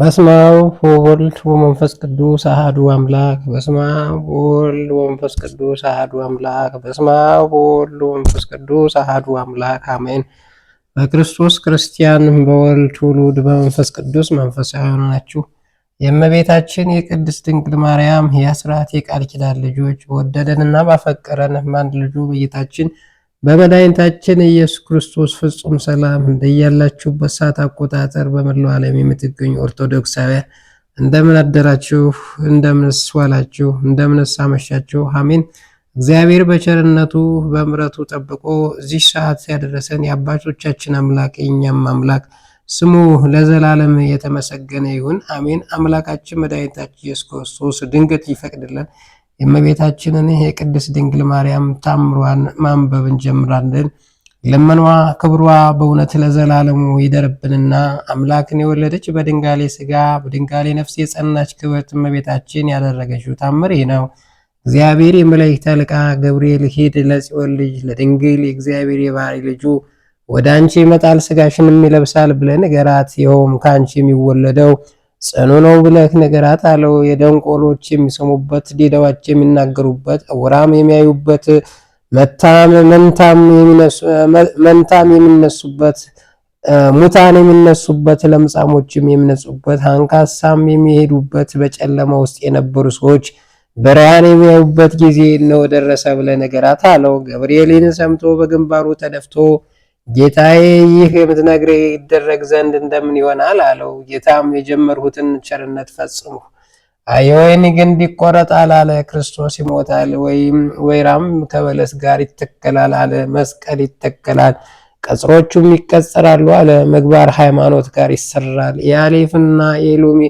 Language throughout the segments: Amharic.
በስመ አብ ወወልድ ወመንፈስ ቅዱስ አሐዱ አምላክ። በስመ አብ ወወልድ ወመንፈስ ቅዱስ አሐዱ አምላክ። በስመ አብ ወወልድ ወመንፈስ ቅዱስ አሐዱ አምላክ አሜን። በክርስቶስ ክርስቲያን በወልድ ውሉድ በመንፈስ ቅዱስ መንፈሳዊ ናችሁ። የእመቤታችን የቅድስት ድንግል ማርያም የአስራት የቃል ኪዳን ልጆች በወደደንና ባፈቀረን አንድ ልጁ በጌታችን በመድኃኒታችን ኢየሱስ ክርስቶስ ፍጹም ሰላም እንደያላችሁበት ሰዓት አቆጣጠር በመላው ዓለም የምትገኙ ኦርቶዶክሳውያን እንደምን አደራችሁ፣ እንደምንስ ዋላችሁ፣ እንደምንስ አመሻችሁ። አሜን። እግዚአብሔር በቸርነቱ በምረቱ ጠብቆ እዚህ ሰዓት ያደረሰን የአባቶቻችን አምላክ የእኛም አምላክ ስሙ ለዘላለም የተመሰገነ ይሁን። አሜን። አምላካችን መድኃኒታችን ኢየሱስ ክርስቶስ ድንገት ይፈቅድልን የእመቤታችንን የቅድስት ድንግል ማርያም ታምሯን ማንበብ እንጀምራለን። ለመኗ ክብሯ በእውነት ለዘላለሙ ይደርብንና አምላክን የወለደች በድንጋሌ ስጋ በድንጋሌ ነፍስ የጸናች ክብርት እመቤታችን ያደረገችው ታምር ይህ ነው። እግዚአብሔር የመላእክት አለቃ ገብርኤል ሂድ ለጽዮን ልጅ ለድንግል የእግዚአብሔር የባህሪ ልጁ ወደ አንቺ ይመጣል ስጋሽንም ይለብሳል ብለን ገራት ይኸውም ከአንቺ የሚወለደው ጽኑ ነው ብለህ ንገራት አለው። የደንቆሎች የሚሰሙበት፣ ዲዳዎች የሚናገሩበት፣ ዕውራም የሚያዩበት፣ መንታም የሚነሱበት፣ ሙታን የሚነሱበት፣ ለምጻሞችም የሚነጹበት፣ አንካሳም የሚሄዱበት፣ በጨለማ ውስጥ የነበሩ ሰዎች ብርሃን የሚያዩበት ጊዜ እነሆ ደረሰ ብለህ ነገራት አለው። ገብርኤልን ሰምቶ በግንባሩ ተደፍቶ ጌታዬ ይህ የምትነግረ ይደረግ ዘንድ እንደምን ይሆናል አለው። ጌታም የጀመርሁትን ቸርነት ፈጽሙ። የወይን ግንድ ይቆረጣል አለ፣ ክርስቶስ ይሞታል። ወይራም ከበለስ ጋር ይተከላል አለ፣ መስቀል ይተከላል፣ ቅጽሮቹም ይቀጸራሉ አለ፣ ምግባር ሃይማኖት ጋር ይሰራል። የአሌፍና የሎሚ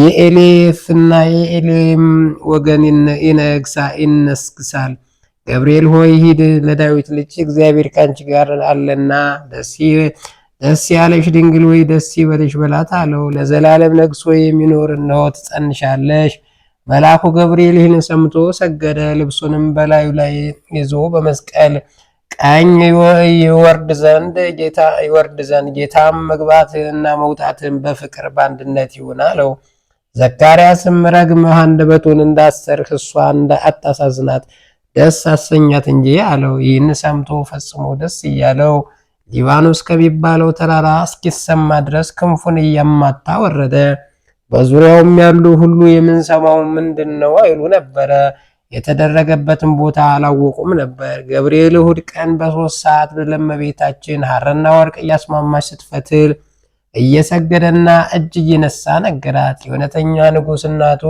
የኤሌፍና የኤሌም ወገን ይነግሳ ይነስግሳል ገብርኤል ሆይ ሂድ ለዳዊት ልጅ እግዚአብሔር ካንቺ ጋር አለና ደስ ያለሽ ድንግል ወይ ደስ ይበልሽ በላት አለው። ለዘላለም ነግሶ የሚኖር እነሆ ትጸንሻለሽ። መልአኩ ገብርኤል ይህን ሰምቶ ሰገደ። ልብሱንም በላዩ ላይ ይዞ በመስቀል ቀኝ ይወርድ ዘንድ ጌታ ይወርድ ዘንድ ጌታም መግባትንና መውጣትን በፍቅር በአንድነት ይሁን አለው። ዘካርያስም ረግመህ አንደበቱን እንዳሰርህ እሷ አታሳዝናት ደስ አሰኛት እንጂ አለው። ይህን ሰምቶ ፈጽሞ ደስ እያለው ሊባኖስ ከሚባለው ተራራ እስኪሰማ ድረስ ክንፉን እያማታ ወረደ። በዙሪያውም ያሉ ሁሉ የምንሰማው ምንድን ነው አይሉ ነበረ። የተደረገበትን ቦታ አላወቁም ነበር። ገብርኤል እሁድ ቀን በሶስት ሰዓት ለእመቤታችን ሐርና ወርቅ እያስማማች ስትፈትል እየሰገደና እጅ እየነሳ ነገራት። የእውነተኛ ንጉሥ እናቱ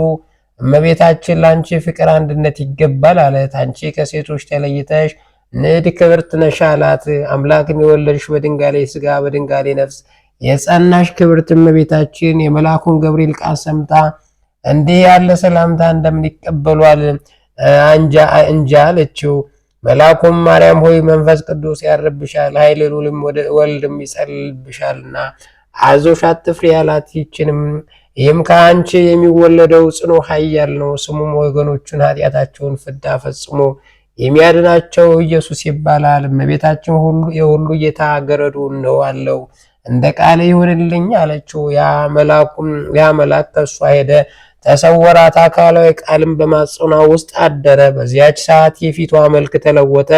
እመቤታችን ለአንቺ ፍቅር አንድነት ይገባል አለት። አንቺ ከሴቶች ተለይተሽ ንድ ክብርት ነሽ አላት። አምላክን የወለድሽ በድንጋሌ ስጋ በድንጋሌ ነፍስ የጸናሽ ክብርት እመቤታችን የመልአኩን ገብርኤል ቃል ሰምታ እንዲህ ያለ ሰላምታ እንደምን ይቀበሏል እንጃ አለችው። መልአኩም ማርያም ሆይ መንፈስ ቅዱስ ያርብሻል፣ ኃይል ልዑልም ወልድም ይጸልልብሻልና አዞሽ አትፍሪ አላት። ይችንም ይህም ከአንቺ የሚወለደው ጽኑ ኃያል ነው። ስሙም ወገኖቹን ኃጢአታቸውን ፍዳ ፈጽሞ የሚያድናቸው ኢየሱስ ይባላል። እመቤታችን የሁሉ ጌታ ገረዱ ነው አለው። እንደ ቃል ይሁንልኝ አለችው። ያ መላክ ከእሷ ሄደ፣ ተሰወራት፣ አካላዊ ቃልም በማጽኗ ውስጥ አደረ። በዚያች ሰዓት የፊቷ መልክ ተለወጠ፣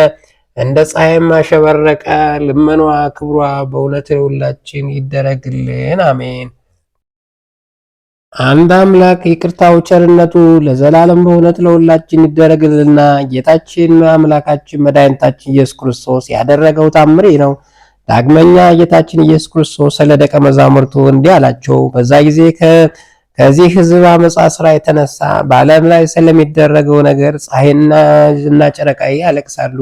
እንደ ፀሐይም አሸበረቀ። ልመኗ ክብሯ በእውነት ለሁላችን ይደረግልን፣ አሜን። አንድ አምላክ ይቅርታው ቸርነቱ ለዘላለም በእውነት ለሁላችን ይደረግልና ጌታችን አምላካችን መድኃኒታችን ኢየሱስ ክርስቶስ ያደረገው ታምሬ ነው። ዳግመኛ ጌታችን ኢየሱስ ክርስቶስ ስለ ደቀ መዛሙርቱ እንዲህ አላቸው። በዛ ጊዜ ከዚህ ሕዝብ አመፃ ስራ የተነሳ በዓለም ላይ ስለሚደረገው ነገር ፀሐይና እና ጨረቃ ያለቅሳሉ፣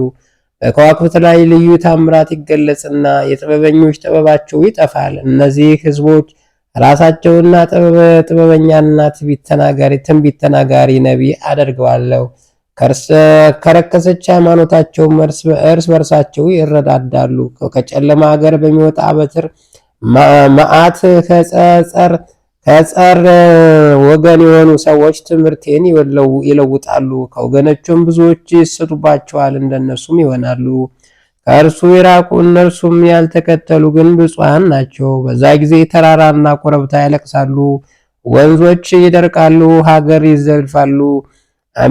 በከዋክብት ላይ ልዩ ታምራት ይገለጽና የጥበበኞች ጥበባቸው ይጠፋል። እነዚህ ሕዝቦች ራሳቸውና ጥበበኛና ትንቢት ተናጋሪ ነቢይ አደርገዋለሁ። ከረከሰች ሃይማኖታቸው እርስ በርሳቸው ይረዳዳሉ። ከጨለማ ሀገር በሚወጣ በትር መዓት ከጸር ወገን የሆኑ ሰዎች ትምህርቴን ይለውጣሉ። ከወገኖቹም ብዙዎች ይሰጡባቸዋል፣ እንደነሱም ይሆናሉ። ከእርሱ የራቁ እነርሱም ያልተከተሉ ግን ብፁዓን ናቸው። በዛ ጊዜ ተራራና ኮረብታ ያለቅሳሉ፣ ወንዞች ይደርቃሉ፣ ሀገር ይዘልፋሉ፣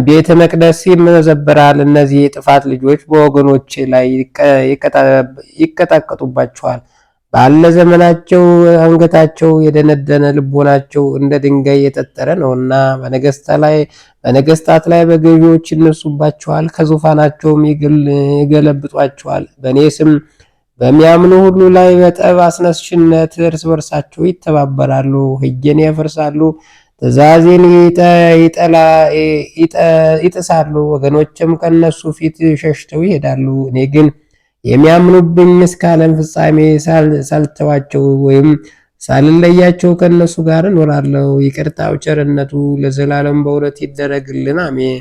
ቤተ መቅደስ ይመዘበራል። እነዚህ የጥፋት ልጆች በወገኖች ላይ ይቀጠቅጡባቸዋል። ባለ ዘመናቸው አንገታቸው የደነደነ ልቦናቸው እንደ ድንጋይ የጠጠረ ነውና በነገስታት ላይ በገዢዎች ይነሱባቸዋል፣ ከዙፋናቸውም ይገለብጧቸዋል። በእኔ ስም በሚያምኑ ሁሉ ላይ በጠብ አስነስሽነት እርስ በርሳቸው ይተባበራሉ፣ ሕጌን ያፈርሳሉ፣ ትእዛዜን ይጥሳሉ። ወገኖችም ከነሱ ፊት ሸሽተው ይሄዳሉ። እኔ ግን የሚያምኑብኝ እስከ ዓለም ፍጻሜ ሳልተዋቸው ወይም ሳልለያቸው ከእነሱ ጋር እኖራለሁ። ይቅርታው ቸርነቱ ለዘላለም በእውነት ይደረግልን፣ አሜን።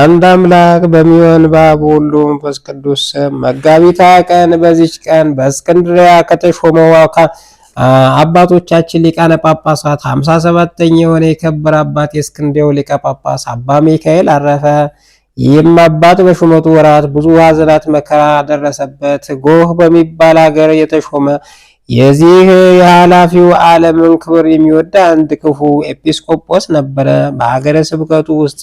አንድ አምላክ በሚሆን በአብ ወልድ መንፈስ ቅዱስ ስም መጋቢት ቀን በዚች ቀን በእስክንድሪያ ከተሾመው አባቶቻችን ሊቃነ ጳጳሳት ሃምሳ ሰባተኛ የሆነ የከበረ አባት የእስክንድርያው ሊቀ ጳጳስ አባ ሚካኤል አረፈ። ይህም አባት በሹመቱ ወራት ብዙ ሐዘናት መከራ ደረሰበት። ጎህ በሚባል አገር የተሾመ የዚህ የኃላፊው ዓለምን ክብር የሚወድ አንድ ክፉ ኤጲስቆጶስ ነበረ። በሀገረ ስብከቱ ውስጥ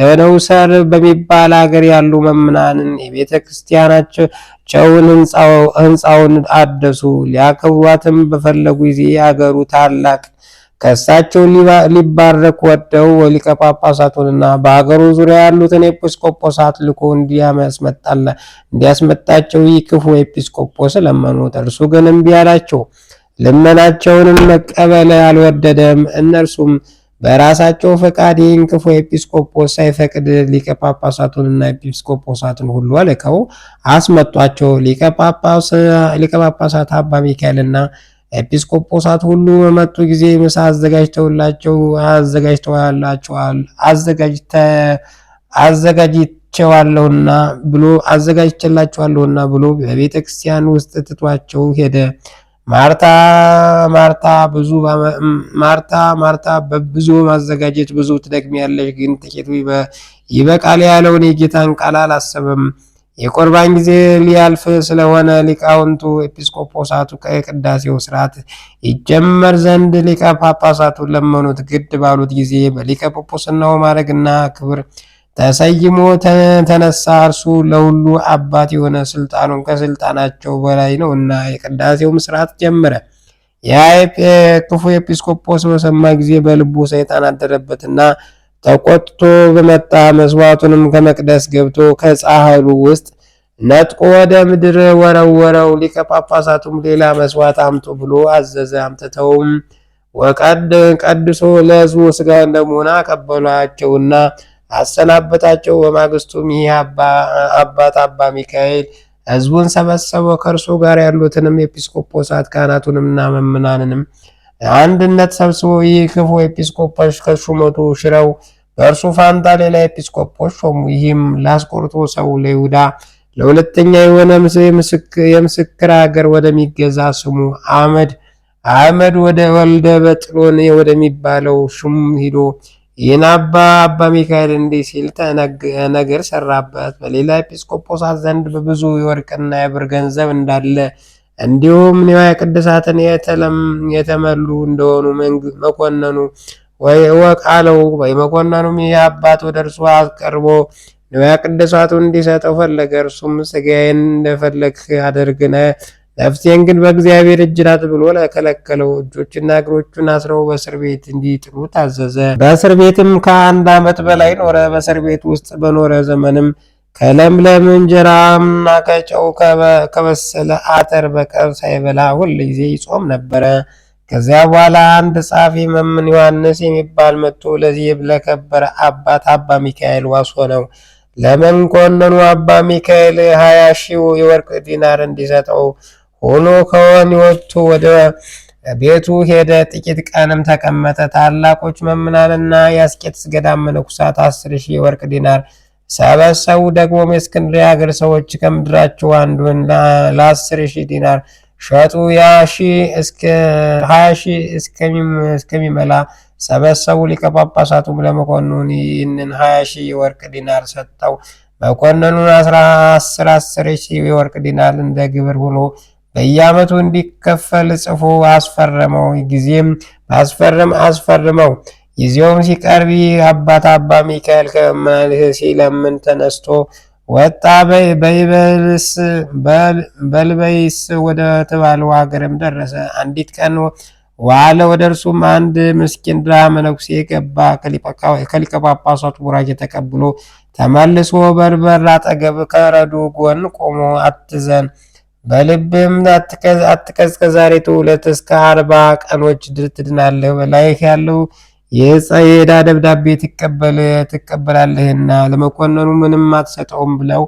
ደነውሰር በሚባል ሀገር ያሉ መምናንን የቤተ ክርስቲያናቸውን ህንፃውን አደሱ። ሊያከብሯትም በፈለጉ ጊዜ የሀገሩ ታላቅ ከእሳቸው ሊባረክ ወደው ሊቀ ጳጳሳቱንና በሀገሩ ዙሪያ ያሉትን ኤጲስቆጶሳት ልኮ እንዲያስመጣለ እንዲያስመጣቸው ይህ ክፉ ኤጲስቆጶስ ለመኑት። እርሱ ግን እምቢ አላቸው። ልመናቸውንም መቀበል አልወደደም። እነርሱም በራሳቸው ፈቃድ ይህን ክፉ ኤጲስቆጶስ ሳይፈቅድ ሊቀ ጳጳሳቱንና ኤጲስቆጶሳትን ሁሉ አልከው አስመጧቸው። ሊቀ ጳጳሳት አባ ሚካኤልና ኤጲስቆጶሳት ሁሉ በመጡ ጊዜ ምሳ አዘጋጅተውላቸው አዘጋጅተውላቸዋል አዘጋጅተ አዘጋጅቸዋለሁና ብሎ አዘጋጅቸላቸዋለሁና ብሎ በቤተ ክርስቲያን ውስጥ ትቷቸው ሄደ። ማርታ ማርታ ብዙ ማርታ ማርታ በብዙ ማዘጋጀት ብዙ ትደክሚያለሽ፣ ግን ጥቂቱ ይበቃል ያለውን የጌታን ቃል አላሰበም። የቁርባን ጊዜ ሊያልፍ ስለሆነ ሊቃውንቱ ኤጲስቆጶሳቱ ከቅዳሴው ስርዓት ይጀመር ዘንድ ሊቀ ጳጳሳቱ ለመኑት። ግድ ባሉት ጊዜ በሊቀ ጳጳስናው ማዕረግና ክብር ተሰይሞ ተነሳ። እርሱ ለሁሉ አባት የሆነ ስልጣኑን ከስልጣናቸው በላይ ነው እና የቅዳሴውም ስርዓት ጀመረ። ያ ክፉ ኤጲስቆጶስ በሰማ ጊዜ በልቡ ሰይጣን አደረበትና ተቆጥቶ በመጣ መስዋዕቱንም ከመቅደስ ገብቶ ከጻሕሉ ውስጥ ነጥቆ ወደ ምድር ወረወረው። ሊቀ ጳጳሳቱም ሌላ መስዋዕት አምጡ ብሎ አዘዘ። አምጥተውም ቀድሶ ለሕዝቡ ስጋ እንደመሆነ አቀበሏቸውና አሰናበታቸው። በማግስቱም ይህ አባት አባ ሚካኤል ሕዝቡን ሰበሰበው። ከእርሱ ጋር ያሉትንም ኤጲስቆጶሳት ካህናቱንምና መምናንንም አንድነት ሰብስቦ ይህ ክፉ ኤጲስቆጶስ ከሹመቱ ሽረው በእርሱ ፋንታ ሌላ ኤጲስቆጶስ ሾሙ። ይህም ላስቆርቶ ሰው ለይሁዳ ለሁለተኛ የሆነ የምስክር ሀገር ወደሚገዛ ስሙ አመድ አመድ ወደ ወልደ በጥሎን ወደሚባለው ሹም ሂዶ ይህን አባ አባ ሚካኤል እንዲህ ሲል ነገር ሰራበት። በሌላ ኤጲስቆጶሳት ዘንድ በብዙ የወርቅና የብር ገንዘብ እንዳለ እንዲሁም ንዋየ ቅድሳትን የተለም የተመሉ እንደሆኑ መኮንኑ ወይ እወቅ ወይ የመኮንኑም ይህ አባት ወደ እርሱ አቅርቦ ንዋየ ቅድሳቱ እንዲሰጠው ፈለገ። እርሱም ሥጋዬን እንደፈለግ አደርግነ ነፍሴን ግን በእግዚአብሔር እጅ ናት ብሎ ለከለከለው። እጆችና እግሮቹን አስረው በእስር ቤት እንዲጥሉ ታዘዘ። በእስር ቤትም ከአንድ ዓመት በላይ ኖረ። በእስር ቤት ውስጥ በኖረ ዘመንም ከለምለም እንጀራና ከጨው ከበሰለ አተር በቀር ሳይበላ ሁል ጊዜ ይጾም ነበረ። ከዚያ በኋላ አንድ ጻፊ መምን ዮሐንስ የሚባል መጥቶ ለዚህ ለከበረ አባት አባ ሚካኤል ዋስ ሆነው ለመንኮንኑ አባ ሚካኤል ሀያ ሺው የወርቅ ዲናር እንዲሰጠው ሆኖ ከወህኒዎቹ ወደ ቤቱ ሄደ። ጥቂት ቀንም ተቀመጠ። ታላቆች መምናንና የአስቄጥስ ገዳም መነኩሳት አስር ሺህ የወርቅ ዲናር ሰበሰቡ። ደግሞም የእስክንድርያ ሀገር ሰዎች ከምድራቸው አንዱን ለአስር ሺህ ዲናር ሸጡ። ሀያ ሺህ እስከሚመላ ሰበሰቡ። ሊቀ ጳጳሳቱም ለመኮንኑን ይህንን ሀያ ሺህ የወርቅ ዲናር ሰጠው። መኮንኑን አስር አስር ሺህ የወርቅ ዲናር እንደ ግብር ሆኖ በየዓመቱ እንዲከፈል ጽፎ አስፈረመው ጊዜም አስፈርመው ይዚውም ሲቀርብ አባት አባ ሚካኤል ከመልህ ሲለምን ተነስቶ ወጣ። በልበይስ ወደ ተባለው ሀገርም ደረሰ። አንዲት ቀን ዋለ። ወደ እርሱም አንድ ምስኪን ድሃ መነኩሴ ገባ። ከሊቀ ጳጳሳቱ ቡራኬ ተቀብሎ ተመልሶ በርበር አጠገብ ከረዱ ጎን ቆሞ አትዘን በልብም አትቀዝቀዝ፣ ዛሬ ትውለት እስከ አርባ ቀኖች ድር ትድናለህ። በላይህ ያለው የዕዳ ደብዳቤ ትቀበላለህና ለመኮንኑ ምንም አትሰጠውም ብለው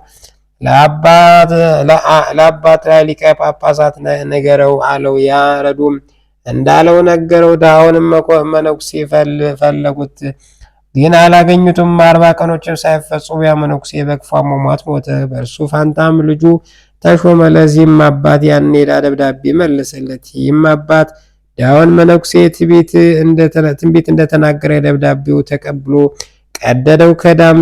ለአባት ሊቀ ጳጳሳት ነገረው አለው። ያረዱም እንዳለው ነገረው። ድሃውንም መነኩሴ ፈለጉት፣ ግን አላገኙትም። አርባ ቀኖችም ሳይፈጽሙ ያ መነኩሴ በክፉ አሟሟት ሞተ። በእርሱ ፋንታም ልጁ ተሾመ። ለዚህም አባት ያን የዕዳ ደብዳቤ መለሰለት። ይህም አባት ዳውን መነኩሴ ትንቢት እንደተናገረ ደብዳቤው ተቀብሎ ቀደደው ከዳም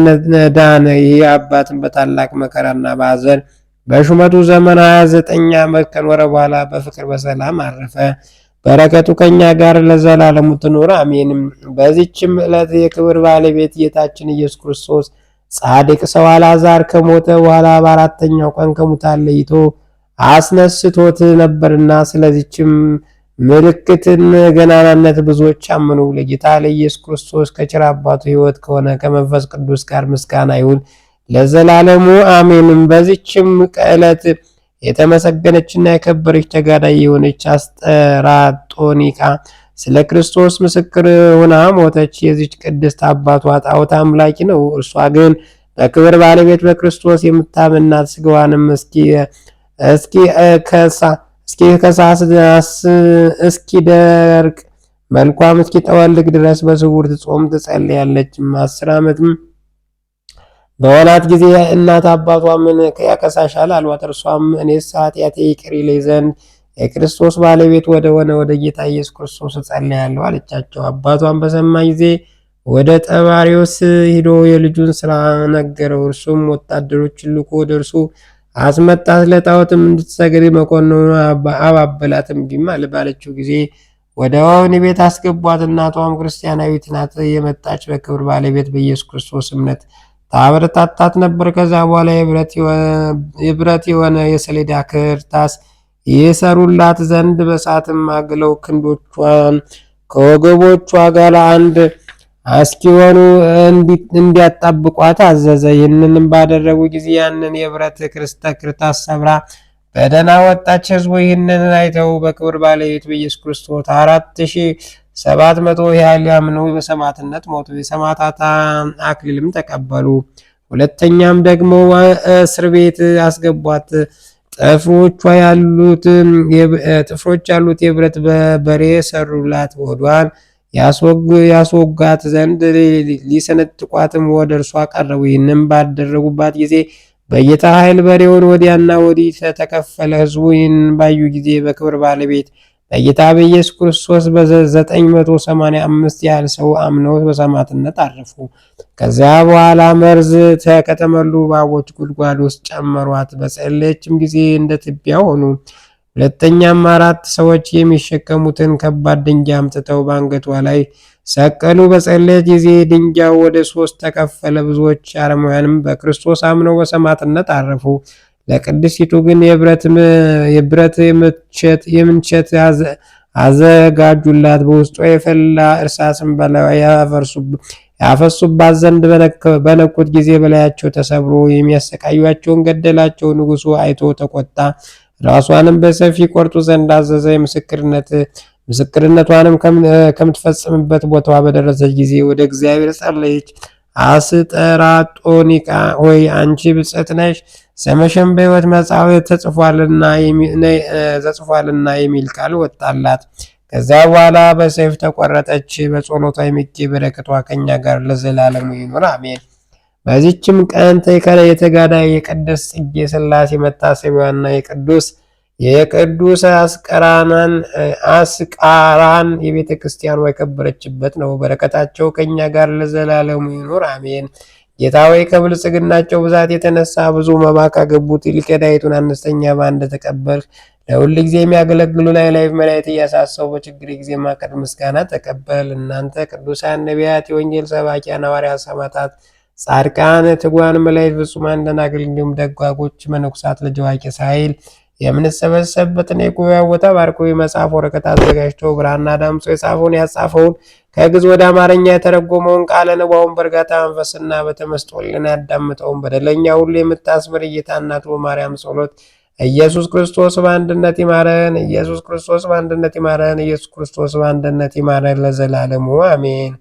ዳነ። ይህ አባትን በታላቅ መከራና በሐዘን በሹመቱ ዘመን 29 ዓመት ከኖረ በኋላ በፍቅር በሰላም አረፈ። በረከቱ ከኛ ጋር ለዘላለሙ ትኑር አሜን። በዚችም ዕለት የክብር ባለቤት ጌታችን ኢየሱስ ክርስቶስ ጻድቅ ሰው አልዓዛር ከሞተ በኋላ በአራተኛው ቀን ከሙታን ለይቶ አስነስቶት ነበርና ስለዚችም ምልክትን ገናናነት ብዙዎች አምኑ። ለጌታ ለኢየሱስ ክርስቶስ ከጭራ አባቱ ሕይወት ከሆነ ከመንፈስ ቅዱስ ጋር ምስጋና ይሁን ለዘላለሙ አሜንም። በዚችም ዕለት የተመሰገነችና የከበረች ተጋዳይ የሆነች አስጠራጦኒካ ስለ ክርስቶስ ምስክር ሆና ሞተች። የዚች ቅድስት አባቷ ጣዖት አምላኪ ነው። እርሷ ግን በክብር ባለቤት በክርስቶስ የምታምናት ስጋዋንም እስኪ እስኪ ከሳ እስኪደርቅ መልኳም እስኪጠወልግ ድረስ በስውር ትጾም ትጸልያለች። አስር ዓመትም በሆናት ጊዜ እናት አባቷ ምን ያቀሳሻል አሏት። እርሷም እኔስ ኃጢአቴ ይቅር ይለኝ ዘንድ የክርስቶስ ባለቤት ወደ ሆነ ወደ ጌታ ኢየሱስ ክርስቶስ እጸልያለሁ አለቻቸው። አባቷም በሰማ ጊዜ ወደ ጠባሪዎስ ሂዶ የልጁን ስራ ነገረው። እርሱም ወታደሮችን ልኮ ወደ እርሱ አስመጣት ለጣዖትም እንድትሰግድ መኮንኑ አባበላትም እምቢም አለ ጊዜ ወደ ወህኒ ቤት አስገቧት። እናቷም ክርስቲያናዊት ናት። የመጣች በክብር ባለቤት በኢየሱስ ክርስቶስ እምነት ታበረታታት ነበር። ከዛ በኋላ የብረት የሆነ የሰሌዳ ክርታስ የሰሩላት ዘንድ በሳትም አግለው ክንዶቿን ከወገቦቿ ጋር አንድ አስኪወኑ እንዲያጣብቋት አዘዘ። ይህንንም ባደረጉ ጊዜ ያንን የብረት ክርታስ ሰብራ በደህና ወጣች። ህዝቡ ይህንን አይተው በክብር ባለቤት በኢየሱስ ክርስቶስ አራት ሺ ሰባት መቶ ያህል ያምኑ በሰማዕትነት ሞቱ። የሰማዕታት አክሊልም ተቀበሉ። ሁለተኛም ደግሞ እስር ቤት አስገቧት። ጥፍሮቿ ያሉት የብረት በሬ ሰሩላት። ወዷን ያስወጋት ዘንድ ሊሰነጥቋትም ወደ እርሱ አቀረቡ። ይህንም ባደረጉባት ጊዜ በጌታ ኃይል በሬውን ወዲያና ወዲህ ተከፈለ። ሕዝቡ ይህን ባዩ ጊዜ በክብር ባለቤት በጌታ በኢየሱስ ክርስቶስ በ985 ያህል ሰው አምነው በሰማዕትነት አረፉ። ከዚያ በኋላ መርዝ ከተሞሉ እባቦች ጉድጓድ ውስጥ ጨመሯት። በጸለየችም ጊዜ እንደ ትቢያ ሆኑ። ሁለተኛም አራት ሰዎች የሚሸከሙትን ከባድ ድንጋይ አምጥተው በአንገቷ ላይ ሰቀሉ። በጸለየ ጊዜ ድንጋዩ ወደ ሶስት ተከፈለ። ብዙዎች አረማውያንም በክርስቶስ አምነው በሰማዕትነት አረፉ። ለቅድስቲቱ ግን የብረት የምንቸት አዘጋጁላት። በውስጧ የፈላ እርሳስን ያፈሱባት ዘንድ በነኩት ጊዜ በላያቸው ተሰብሮ የሚያሰቃያቸውን ገደላቸው። ንጉሱ አይቶ ተቆጣ። ራሷንም በሰፊ ቆርጡ ዘንድ አዘዘ። የምስክርነት ምስክርነቷንም ከምትፈጽምበት ቦታዋ በደረሰች ጊዜ ወደ እግዚአብሔር ጸለየች። አስጠራጦኒቃ ሆይ አንቺ ብፅዕት ነሽ፣ ስምሽም በሕይወት መጽሐፍ ተጽፏልና የሚል ቃል ወጣላት። ከዚያ በኋላ በሰይፍ ተቆረጠች። በጸሎቷ የሚገኝ በረከቷ ከኛ ጋር ለዘላለሙ ይኑር አሜን። በዚችም ቀን ተይከለ የተጋዳ የቅድስት ጽጌ ስላሴ መታሰቢያና የቅዱስ የቅዱስ አስቀራናን አስቃራን የቤተ ክርስቲያኑ የከበረችበት ነው። በረከታቸው ከእኛ ጋር ለዘላለሙ ይኑር አሜን። ጌታ ወይ ከብልጽግናቸው ብዛት የተነሳ ብዙ መባ ካገቡት ይልቅ የዳይቱን አነስተኛ ባ እንደተቀበልክ ለሁል ጊዜ የሚያገለግሉ ላይ ላይ መላእክት እያሳሰቡ በችግር ጊዜ ማቀድ ምስጋና ተቀበል። እናንተ ቅዱሳን ነቢያት፣ የወንጌል ሰባኪያን ሐዋርያት፣ ሰማዕታት ጻድቃን ትጓን መላእክት ፍጹማን ደናግል እንዲሁም ደጓጎች መነኩሳት ልጅ አዋቂ ሳይል የምንሰበሰብበትን የጉባኤ ቦታ ባርኮ የመጽሐፍ ወረቀት አዘጋጅቶ ብራና ዳምጾ የጻፈውን ያጻፈውን ከግዕዝ ወደ አማርኛ የተረጎመውን ቃለ ንባውን በእርጋታ መንፈስና በተመስጦልን ያዳምጠውን በደለኛ ሁሉ የምታስምር እይታ እናቱ ማርያም ጸሎት ኢየሱስ ክርስቶስ በአንድነት ይማረን፣ ኢየሱስ ክርስቶስ በአንድነት ይማረን፣ ኢየሱስ ክርስቶስ በአንድነት ይማረን፣ ለዘላለሙ አሜን።